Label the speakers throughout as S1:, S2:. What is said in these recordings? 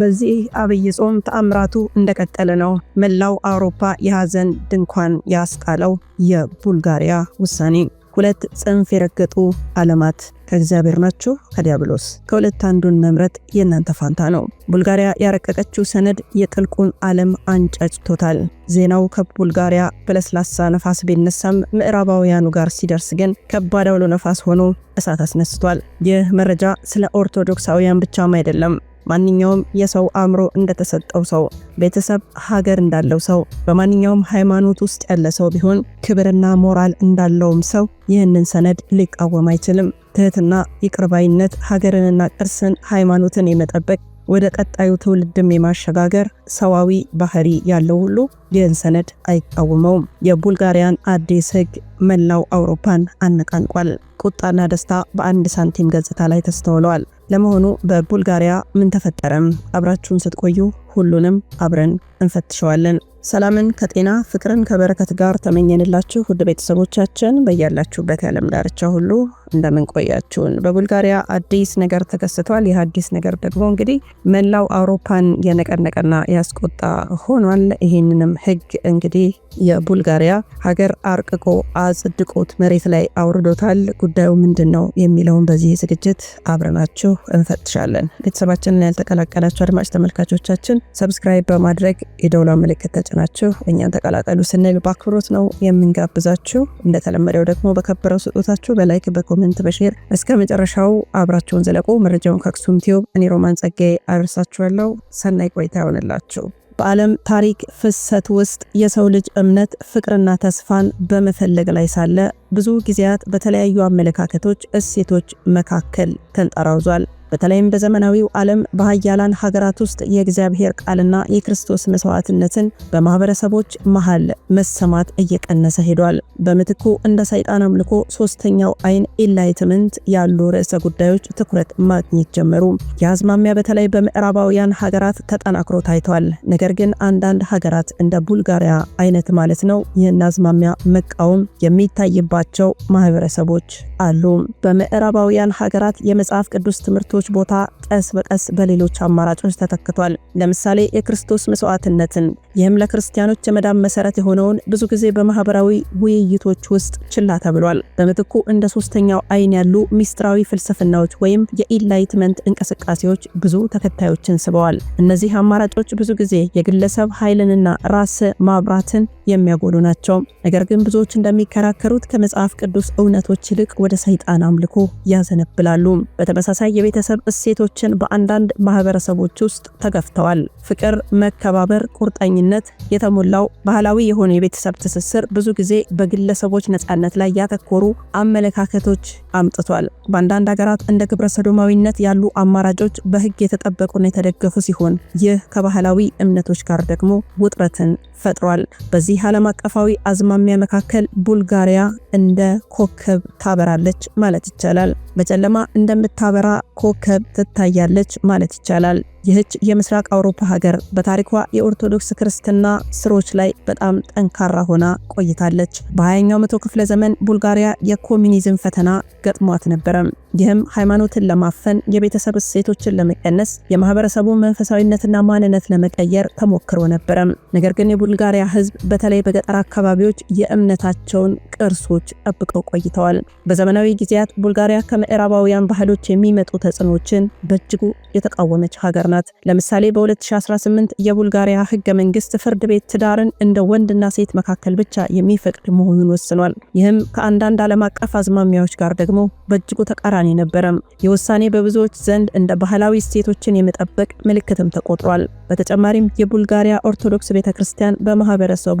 S1: በዚህ አብይ ጾም ተአምራቱ እንደቀጠለ ነው። መላው አውሮፓ የሐዘን ድንኳን ያስጣለው የቡልጋሪያ ውሳኔ ሁለት ጽንፍ የረገጡ ዓለማት ከእግዚአብሔር ናችሁ ከዲያብሎስ? ከሁለት አንዱን መምረጥ የእናንተ ፋንታ ነው። ቡልጋሪያ ያረቀቀችው ሰነድ የጥልቁን ዓለም አንጫጭቶታል። ዜናው ከቡልጋሪያ በለስላሳ ነፋስ ቢነሳም ምዕራባውያኑ ጋር ሲደርስ ግን ከባድ አውሎ ነፋስ ሆኖ እሳት አስነስቷል። ይህ መረጃ ስለ ኦርቶዶክሳውያን ብቻም አይደለም። ማንኛውም የሰው አእምሮ እንደተሰጠው ሰው፣ ቤተሰብ፣ ሀገር እንዳለው ሰው፣ በማንኛውም ሃይማኖት ውስጥ ያለ ሰው ቢሆን ክብርና ሞራል እንዳለውም ሰው ይህንን ሰነድ ሊቃወም አይችልም። ትህትና፣ ይቅርባይነት፣ ሀገርንና ቅርስን ሃይማኖትን የመጠበቅ ወደ ቀጣዩ ትውልድም የማሸጋገር ሰዋዊ ባህሪ ያለው ሁሉ ይህን ሰነድ አይቃወመውም። የቡልጋሪያን አዲስ ህግ መላው አውሮፓን አነቃንቋል። ቁጣና ደስታ በአንድ ሳንቲም ገጽታ ላይ ተስተውለዋል። ለመሆኑ በቡልጋሪያ ምን ተፈጠረም? አብራችሁን ስትቆዩ ሁሉንም አብረን እንፈትሸዋለን። ሰላምን ከጤና ፍቅርን ከበረከት ጋር ተመኘንላችሁ ውድ ቤተሰቦቻችን በያላችሁበት ያለም ዳርቻ ሁሉ እንደምንቆያችሁን። በቡልጋሪያ አዲስ ነገር ተከስቷል። ይህ አዲስ ነገር ደግሞ እንግዲህ መላው አውሮፓን የነቀነቀና ያስቆጣ ሆኗል። ይህንንም ሕግ እንግዲህ የቡልጋሪያ ሀገር አርቅቆ አጽድቆት መሬት ላይ አውርዶታል። ጉዳዩ ምንድን ነው የሚለውን በዚህ ዝግጅት አብረናችሁ እንፈትሻለን። ቤተሰባችንን ያልተቀላቀላችሁ አድማጭ ተመልካቾቻችን ሰብስክራይብ በማድረግ የደውላ ምልክት ተጭናችሁ እኛን ተቀላቀሉ ስንል በአክብሮት ነው የምንጋብዛችሁ። እንደተለመደው ደግሞ በከበረው ስጦታችሁ በላይክ በኮሜንት በሼር እስከ መጨረሻው አብራችሁን ዘለቁ። መረጃውን ከአክሱም ቲዩብ እኔ ሮማን ጸጋዬ አደርሳችኋለሁ። ሰናይ ቆይታ ይሆንላችሁ። በዓለም ታሪክ ፍሰት ውስጥ የሰው ልጅ እምነት ፍቅርና ተስፋን በመፈለግ ላይ ሳለ ብዙ ጊዜያት በተለያዩ አመለካከቶች፣ እሴቶች መካከል ተንጠራውዟል። በተለይም በዘመናዊው ዓለም በሀያላን ሀገራት ውስጥ የእግዚአብሔር ቃልና የክርስቶስ መስዋዕትነትን በማህበረሰቦች መሃል መሰማት እየቀነሰ ሄዷል። በምትኩ እንደ ሰይጣን አምልኮ፣ ሶስተኛው አይን፣ ኢንላይትመንት ያሉ ርዕሰ ጉዳዮች ትኩረት ማግኘት ጀመሩ። የአዝማሚያ በተለይ በምዕራባውያን ሀገራት ተጠናክሮ ታይቷል። ነገር ግን አንዳንድ ሀገራት እንደ ቡልጋሪያ አይነት ማለት ነው ይህን አዝማሚያ መቃወም የሚታይባቸው ማህበረሰቦች አሉ። በምዕራባውያን ሀገራት የመጽሐፍ ቅዱስ ትምህርቶች መስዋዕቶች ቦታ ቀስ በቀስ በሌሎች አማራጮች ተተክቷል። ለምሳሌ የክርስቶስ መስዋዕትነትን። ይህም ለክርስቲያኖች የመዳን መሰረት የሆነውን ብዙ ጊዜ በማህበራዊ ውይይቶች ውስጥ ችላ ተብሏል። በምትኩ እንደ ሶስተኛው አይን ያሉ ሚስጥራዊ ፍልስፍናዎች ወይም የኢንላይትመንት እንቅስቃሴዎች ብዙ ተከታዮችን ስበዋል። እነዚህ አማራጮች ብዙ ጊዜ የግለሰብ ኃይልንና ራስ ማብራትን የሚያጎሉ ናቸው። ነገር ግን ብዙዎች እንደሚከራከሩት ከመጽሐፍ ቅዱስ እውነቶች ይልቅ ወደ ሰይጣን አምልኮ ያዘነብላሉ። በተመሳሳይ የቤተሰብ የቤተሰብ እሴቶችን በአንዳንድ ማህበረሰቦች ውስጥ ተገፍተዋል። ፍቅር፣ መከባበር፣ ቁርጠኝነት የተሞላው ባህላዊ የሆነ የቤተሰብ ትስስር ብዙ ጊዜ በግለሰቦች ነፃነት ላይ ያተኮሩ አመለካከቶች አምጥቷል። በአንዳንድ ሀገራት እንደ ግብረ ሰዶማዊነት ያሉ አማራጮች በህግ የተጠበቁና የተደገፉ ሲሆን ይህ ከባህላዊ እምነቶች ጋር ደግሞ ውጥረትን ፈጥሯል። በዚህ ዓለም አቀፋዊ አዝማሚያ መካከል ቡልጋሪያ እንደ ኮከብ ታበራለች ማለት ይቻላል። በጨለማ እንደምታበራ ኮከብ ስትረከብ ትታያለች ማለት ይቻላል። ይህች የምስራቅ አውሮፓ ሀገር በታሪኳ የኦርቶዶክስ ክርስትና ስሮች ላይ በጣም ጠንካራ ሆና ቆይታለች። በ20ኛው መቶ ክፍለ ዘመን ቡልጋሪያ የኮሚኒዝም ፈተና ገጥሟት ነበረም። ይህም ሃይማኖትን ለማፈን፣ የቤተሰብ እሴቶችን ለመቀነስ፣ የማህበረሰቡ መንፈሳዊነትና ማንነት ለመቀየር ተሞክሮ ነበረም። ነገር ግን የቡልጋሪያ ህዝብ በተለይ በገጠር አካባቢዎች የእምነታቸውን ቅርሶች ጠብቀው ቆይተዋል። በዘመናዊ ጊዜያት ቡልጋሪያ ከምዕራባውያን ባህሎች የሚመጡ ተጽዕኖችን በእጅጉ የተቃወመች ሀገር ናት ለምሳሌ በ2018 የቡልጋሪያ ህገ መንግስት ፍርድ ቤት ትዳርን እንደ ወንድና ሴት መካከል ብቻ የሚፈቅድ መሆኑን ወስኗል። ይህም ከአንዳንድ ዓለም አቀፍ አዝማሚያዎች ጋር ደግሞ በእጅጉ ተቃራኒ ነበረም። የውሳኔ ውሳኔ በብዙዎች ዘንድ እንደ ባህላዊ እሴቶችን የመጠበቅ ምልክትም ተቆጥሯል። በተጨማሪም የቡልጋሪያ ኦርቶዶክስ ቤተ ክርስቲያን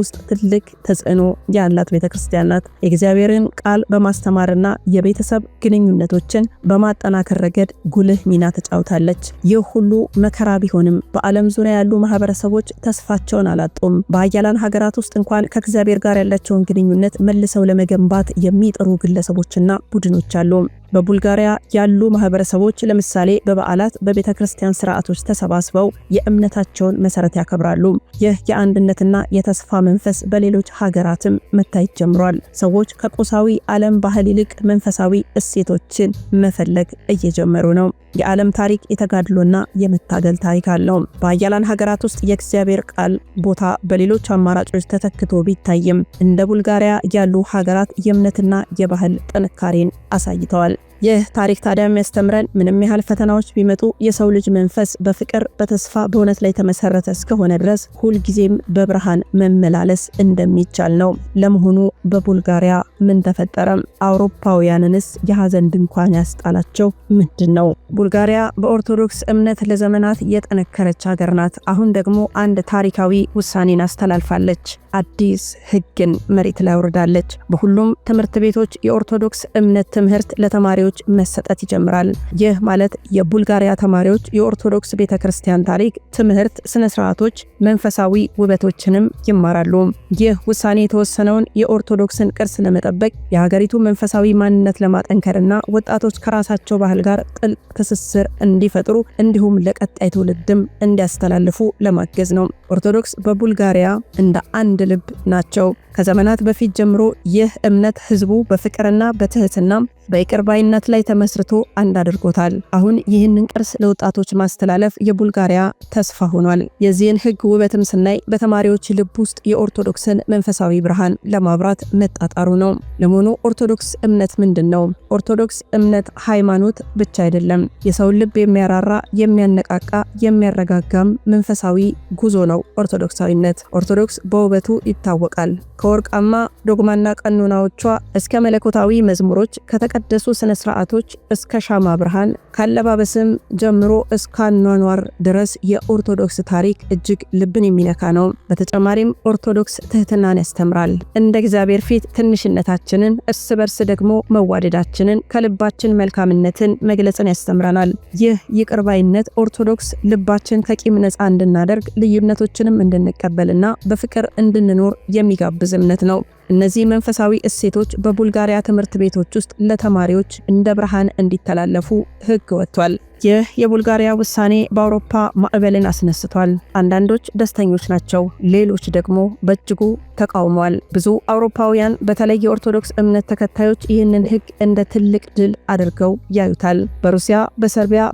S1: ውስጥ ትልቅ ተጽዕኖ ያላት ቤተ ክርስቲያን ናት። የእግዚአብሔርን ቃል በማስተማርና የቤተሰብ ግንኙነቶችን በማጠናከር ረገድ ጉልህ ሚና ተጫውታለች። ይህ ሁሉ መከራ ቢሆንም በዓለም ዙሪያ ያሉ ማህበረሰቦች ተስፋቸውን አላጡም። በአያላን ሀገራት ውስጥ እንኳን ከእግዚአብሔር ጋር ያላቸውን ግንኙነት መልሰው ለመገንባት የሚጥሩ ግለሰቦችና ቡድኖች አሉ። በቡልጋሪያ ያሉ ማህበረሰቦች ለምሳሌ በበዓላት በቤተ ክርስቲያን ስርዓቶች ተሰባስበው የእምነታቸውን መሰረት ያከብራሉ። ይህ የአንድነትና የተስፋ መንፈስ በሌሎች ሀገራትም መታየት ጀምሯል። ሰዎች ከቁሳዊ ዓለም ባህል ይልቅ መንፈሳዊ እሴቶችን መፈለግ እየጀመሩ ነው። የዓለም ታሪክ የተጋድሎና የመታገል ታሪክ አለው። በአያላን ሀገራት ውስጥ የእግዚአብሔር ቃል ቦታ በሌሎች አማራጮች ተተክቶ ቢታይም እንደ ቡልጋሪያ ያሉ ሀገራት የእምነትና የባህል ጥንካሬን አሳይተዋል። ይህ ታሪክ ታዲያ የሚያስተምረን ምንም ያህል ፈተናዎች ቢመጡ የሰው ልጅ መንፈስ በፍቅር፣ በተስፋ፣ በእውነት ላይ የተመሰረተ እስከሆነ ድረስ ሁልጊዜም በብርሃን መመላለስ እንደሚቻል ነው። ለመሆኑ በቡልጋሪያ ምን ተፈጠረም? አውሮፓውያንንስ የሀዘን ድንኳን ያስጣላቸው ምንድን ነው? ቡልጋሪያ በኦርቶዶክስ እምነት ለዘመናት የጠነከረች ሀገር ናት። አሁን ደግሞ አንድ ታሪካዊ ውሳኔን አስተላልፋለች። አዲስ ሕግን መሬት ላይ ወርዳለች። በሁሉም ትምህርት ቤቶች የኦርቶዶክስ እምነት ትምህርት ለተማሪዎች መሰጠት ይጀምራል። ይህ ማለት የቡልጋሪያ ተማሪዎች የኦርቶዶክስ ቤተ ክርስቲያን ታሪክ፣ ትምህርት፣ ስነ ስርዓቶች፣ መንፈሳዊ ውበቶችንም ይማራሉ። ይህ ውሳኔ የተወሰነውን የኦርቶዶክስን ቅርስ ለመጠበቅ የሀገሪቱ መንፈሳዊ ማንነት ለማጠንከርና ወጣቶች ከራሳቸው ባህል ጋር ጥልቅ ትስስር ትስስር እንዲፈጥሩ እንዲሁም ለቀጣይ ትውልድም እንዲያስተላልፉ ለማገዝ ነው። ኦርቶዶክስ በቡልጋሪያ እንደ አንድ ልብ ናቸው። ከዘመናት በፊት ጀምሮ ይህ እምነት ህዝቡ በፍቅርና በትህትና በይቅርባይነት ላይ ተመስርቶ አንድ አድርጎታል። አሁን ይህንን ቅርስ ለወጣቶች ማስተላለፍ የቡልጋሪያ ተስፋ ሆኗል። የዚህን ህግ ውበትም ስናይ በተማሪዎች ልብ ውስጥ የኦርቶዶክስን መንፈሳዊ ብርሃን ለማብራት መጣጣሩ ነው። ለመሆኑ ኦርቶዶክስ እምነት ምንድን ነው? ኦርቶዶክስ እምነት ሃይማኖት ብቻ አይደለም። የሰውን ልብ የሚያራራ የሚያነቃቃ፣ የሚያረጋጋም መንፈሳዊ ጉዞ ነው። ኦርቶዶክሳዊነት ኦርቶዶክስ በውበቱ ይታወቃል። ከወርቃማ ዶግማና ቀኖናዎቿ እስከ መለኮታዊ መዝሙሮች ከተቀ ከተቀደሱ ስነ ስርዓቶች እስከ ሻማ ብርሃን ካለባበስም ጀምሮ እስከ አኗኗር ድረስ የኦርቶዶክስ ታሪክ እጅግ ልብን የሚነካ ነው። በተጨማሪም ኦርቶዶክስ ትህትናን ያስተምራል። እንደ እግዚአብሔር ፊት ትንሽነታችንን፣ እርስ በርስ ደግሞ መዋደዳችንን፣ ከልባችን መልካምነትን መግለጽን ያስተምረናል። ይህ ይቅርባይነት ኦርቶዶክስ ልባችን ከቂም ነፃ እንድናደርግ ልዩነቶችንም እንድንቀበልና በፍቅር እንድንኖር የሚጋብዝ እምነት ነው። እነዚህ መንፈሳዊ እሴቶች በቡልጋሪያ ትምህርት ቤቶች ውስጥ ለተማሪዎች እንደ ብርሃን እንዲተላለፉ ሕግ ወጥቷል። ይህ የቡልጋሪያ ውሳኔ በአውሮፓ ማዕበልን አስነስቷል። አንዳንዶች ደስተኞች ናቸው፣ ሌሎች ደግሞ በእጅጉ ተቃውመዋል። ብዙ አውሮፓውያን በተለይ የኦርቶዶክስ እምነት ተከታዮች ይህንን ሕግ እንደ ትልቅ ድል አድርገው ያዩታል። በሩሲያ፣ በሰርቢያ፣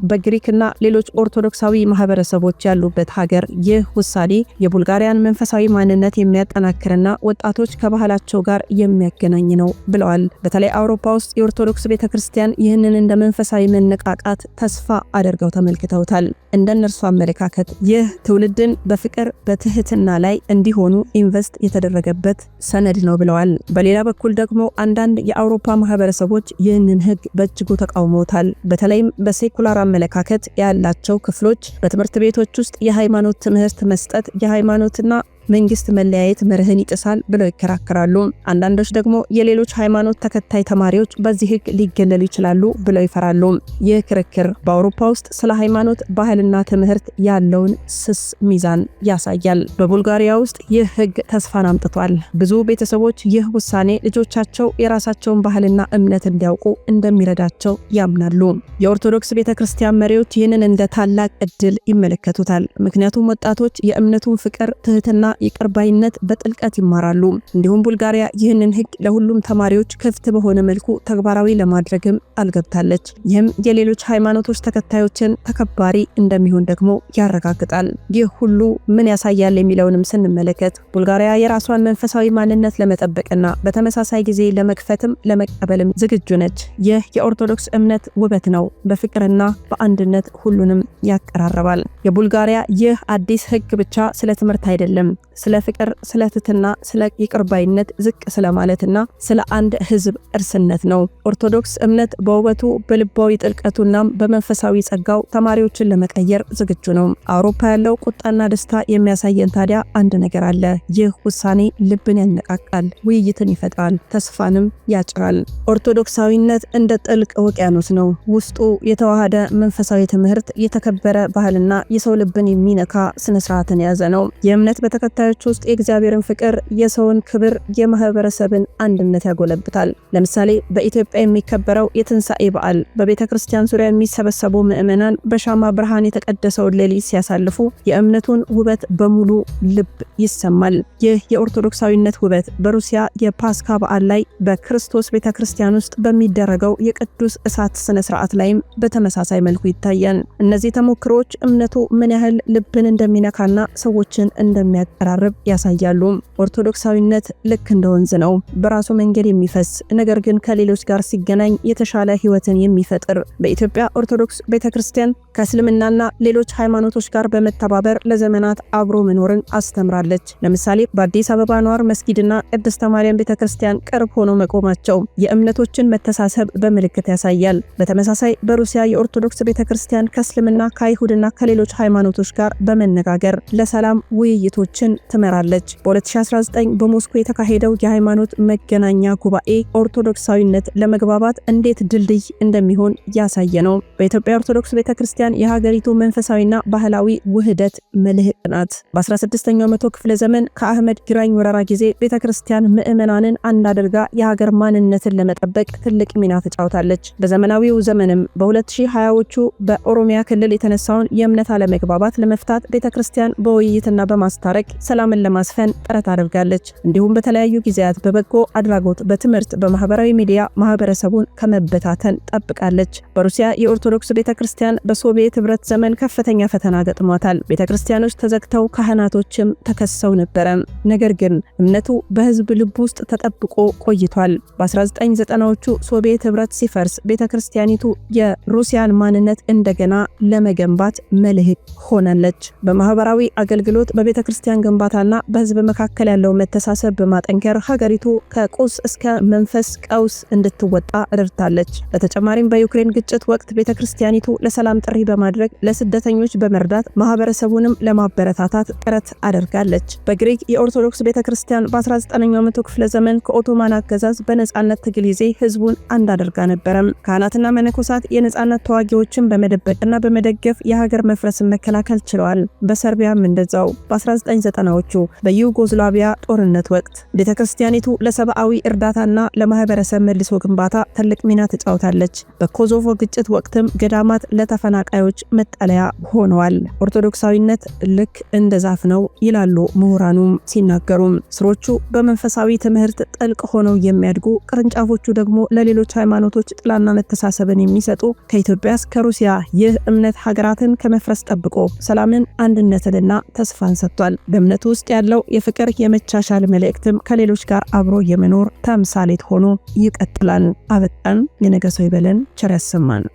S1: እና ሌሎች ኦርቶዶክሳዊ ማህበረሰቦች ያሉበት ሀገር ይህ ውሳኔ የቡልጋሪያን መንፈሳዊ ማንነት የሚያጠናክርና ወጣቶች ከባህላቸው ጋር የሚያገናኝ ነው ብለዋል። በተለይ አውሮፓ ውስጥ የኦርቶዶክስ ቤተ ክርስቲያን ይህንን እንደ መንፈሳዊ መነቃቃት ተስፋ አድርገው ተመልክተውታል። እንደ እነርሱ አመለካከት ይህ ትውልድን በፍቅር በትህትና ላይ እንዲሆኑ ኢንቨስት የተደረገበት ሰነድ ነው ብለዋል። በሌላ በኩል ደግሞ አንዳንድ የአውሮፓ ማህበረሰቦች ይህንን ህግ በእጅጉ ተቃውመውታል። በተለይም በሴኩላር አመለካከት ያላቸው ክፍሎች በትምህርት ቤቶች ውስጥ የሃይማኖት ትምህርት መስጠት የሃይማኖትና መንግስት መለያየት መርህን ይጥሳል ብለው ይከራከራሉ። አንዳንዶች ደግሞ የሌሎች ሃይማኖት ተከታይ ተማሪዎች በዚህ ህግ ሊገለሉ ይችላሉ ብለው ይፈራሉ። ይህ ክርክር በአውሮፓ ውስጥ ስለ ሃይማኖት ባህልና ትምህርት ያለውን ስስ ሚዛን ያሳያል። በቡልጋሪያ ውስጥ ይህ ህግ ተስፋን አምጥቷል። ብዙ ቤተሰቦች ይህ ውሳኔ ልጆቻቸው የራሳቸውን ባህልና እምነት እንዲያውቁ እንደሚረዳቸው ያምናሉ። የኦርቶዶክስ ቤተ ክርስቲያን መሪዎች ይህንን እንደ ታላቅ እድል ይመለከቱታል። ምክንያቱም ወጣቶች የእምነቱን ፍቅር፣ ትህትና ይቅርባይነት በጥልቀት ይማራሉ። እንዲሁም ቡልጋሪያ ይህንን ህግ ለሁሉም ተማሪዎች ክፍት በሆነ መልኩ ተግባራዊ ለማድረግም አልገብታለች። ይህም የሌሎች ሃይማኖቶች ተከታዮችን ተከባሪ እንደሚሆን ደግሞ ያረጋግጣል። ይህ ሁሉ ምን ያሳያል የሚለውንም ስንመለከት ቡልጋሪያ የራሷን መንፈሳዊ ማንነት ለመጠበቅና በተመሳሳይ ጊዜ ለመክፈትም ለመቀበልም ዝግጁ ነች። ይህ የኦርቶዶክስ እምነት ውበት ነው፣ በፍቅርና በአንድነት ሁሉንም ያቀራርባል። የቡልጋሪያ ይህ አዲስ ህግ ብቻ ስለ ትምህርት አይደለም፣ ስለ ፍቅር፣ ስለ ትትና፣ ስለ ይቅርባይነት ዝቅ ስለማለትና ስለ አንድ ህዝብ እርስነት ነው። ኦርቶዶክስ እምነት በውበቱ በልባዊ ጥልቀቱና በመንፈሳዊ ጸጋው ተማሪዎችን ለመቀየር ዝግጁ ነው። አውሮፓ ያለው ቁጣና ደስታ የሚያሳየን ታዲያ አንድ ነገር አለ። ይህ ውሳኔ ልብን ያነቃቃል፣ ውይይትን ይፈጥራል፣ ተስፋንም ያጭራል። ኦርቶዶክሳዊነት እንደ ጥልቅ ውቅያኖስ ነው። ውስጡ የተዋሃደ መንፈሳዊ ትምህርት፣ የተከበረ ባህልና የሰው ልብን የሚነካ ስነስርዓትን የያዘ ነው። የእምነት በተከ ተከታዮች ውስጥ የእግዚአብሔርን ፍቅር፣ የሰውን ክብር፣ የማህበረሰብን አንድነት ያጎለብታል። ለምሳሌ በኢትዮጵያ የሚከበረው የትንሣኤ በዓል በቤተ ክርስቲያን ዙሪያ የሚሰበሰቡ ምዕመናን በሻማ ብርሃን የተቀደሰውን ሌሊት ሲያሳልፉ የእምነቱን ውበት በሙሉ ልብ ይሰማል። ይህ የኦርቶዶክሳዊነት ውበት በሩሲያ የፓስካ በዓል ላይ በክርስቶስ ቤተ ክርስቲያን ውስጥ በሚደረገው የቅዱስ እሳት ስነ ስርዓት ላይም በተመሳሳይ መልኩ ይታያል። እነዚህ ተሞክሮዎች እምነቱ ምን ያህል ልብን እንደሚነካና ሰዎችን እንደሚያ መቀራረብ ያሳያሉ። ኦርቶዶክሳዊነት ልክ እንደ ወንዝ ነው፣ በራሱ መንገድ የሚፈስ ነገር ግን ከሌሎች ጋር ሲገናኝ የተሻለ ህይወትን የሚፈጥር። በኢትዮጵያ ኦርቶዶክስ ቤተክርስቲያን ከእስልምናና ሌሎች ሃይማኖቶች ጋር በመተባበር ለዘመናት አብሮ መኖርን አስተምራለች። ለምሳሌ በአዲስ አበባ ኗር መስጊድና ቅድስተ ማርያም ቤተክርስቲያን ቅርብ ሆኖ መቆማቸው የእምነቶችን መተሳሰብ በምልክት ያሳያል። በተመሳሳይ በሩሲያ የኦርቶዶክስ ቤተክርስቲያን ከእስልምና ከአይሁድና ከሌሎች ሃይማኖቶች ጋር በመነጋገር ለሰላም ውይይቶችን ሩሲያን ትመራለች። በ2019 በሞስኮ የተካሄደው የሃይማኖት መገናኛ ጉባኤ ኦርቶዶክሳዊነት ለመግባባት እንዴት ድልድይ እንደሚሆን ያሳየ ነው። በኢትዮጵያ ኦርቶዶክስ ቤተ ክርስቲያን የሀገሪቱ መንፈሳዊና ባህላዊ ውህደት መልህቅ ናት። በ16ኛው መቶ ክፍለ ዘመን ከአህመድ ግራኝ ወረራ ጊዜ ቤተ ክርስቲያን ምዕመናንን አንድ አድርጋ የሀገር ማንነትን ለመጠበቅ ትልቅ ሚና ተጫውታለች። በዘመናዊው ዘመንም በ2020ዎቹ በኦሮሚያ ክልል የተነሳውን የእምነት አለመግባባት ለመፍታት ቤተ ክርስቲያን በውይይትና በማስታረቅ ሰላምን ለማስፈን ጥረት አድርጋለች። እንዲሁም በተለያዩ ጊዜያት በበጎ አድራጎት፣ በትምህርት፣ በማህበራዊ ሚዲያ ማህበረሰቡን ከመበታተን ጠብቃለች። በሩሲያ የኦርቶዶክስ ቤተ ክርስቲያን በሶቪየት ህብረት ዘመን ከፍተኛ ፈተና ገጥሟታል። ቤተ ክርስቲያኖች ተዘግተው ካህናቶችም ተከሰው ነበረ። ነገር ግን እምነቱ በህዝብ ልብ ውስጥ ተጠብቆ ቆይቷል። በ1990ዎቹ ሶቪየት ህብረት ሲፈርስ ቤተ ክርስቲያኒቱ የሩሲያን ማንነት እንደገና ለመገንባት መልህቅ ሆናለች። በማህበራዊ አገልግሎት በቤተ ክርስቲያን ግንባታና በህዝብ መካከል ያለው መተሳሰብ በማጠንከር ሀገሪቱ ከቁስ እስከ መንፈስ ቀውስ እንድትወጣ ረድታለች። በተጨማሪም በዩክሬን ግጭት ወቅት ቤተ ክርስቲያኒቱ ለሰላም ጥሪ በማድረግ ለስደተኞች በመርዳት ማህበረሰቡንም ለማበረታታት ጥረት አደርጋለች። በግሪክ የኦርቶዶክስ ቤተ ክርስቲያን በ19ኛው መቶ ክፍለ ዘመን ከኦቶማን አገዛዝ በነጻነት ትግል ጊዜ ህዝቡን አንድ አድርጋ ነበረም። ካህናትና መነኮሳት የነጻነት ተዋጊዎችን በመደበቅና በመደገፍ የሀገር መፍረስን መከላከል ችለዋል። በሰርቢያም እንደዛው በ19 ዘጠናዎቹ በዩጎዝላቪያ ጦርነት ወቅት ቤተ ክርስቲያኒቱ ለሰብአዊ እርዳታና ለማህበረሰብ መልሶ ግንባታ ትልቅ ሚና ተጫውታለች። በኮሶቮ ግጭት ወቅትም ገዳማት ለተፈናቃዮች መጠለያ ሆነዋል። ኦርቶዶክሳዊነት ልክ እንደ ዛፍ ነው ይላሉ ምሁራኑም ሲናገሩም፣ ስሮቹ በመንፈሳዊ ትምህርት ጥልቅ ሆነው የሚያድጉ ቅርንጫፎቹ ደግሞ ለሌሎች ሃይማኖቶች ጥላና መተሳሰብን የሚሰጡ ከኢትዮጵያ እስከ ሩሲያ ይህ እምነት ሀገራትን ከመፍረስ ጠብቆ ሰላምን፣ አንድነትንና ተስፋን ሰጥቷል። እምነት ውስጥ ያለው የፍቅር የመቻሻል መልእክትም ከሌሎች ጋር አብሮ የመኖር ተምሳሌት ሆኖ ይቀጥላል። አበቃን። የነገ ሰው ይበለን። ቸር ያሰማን።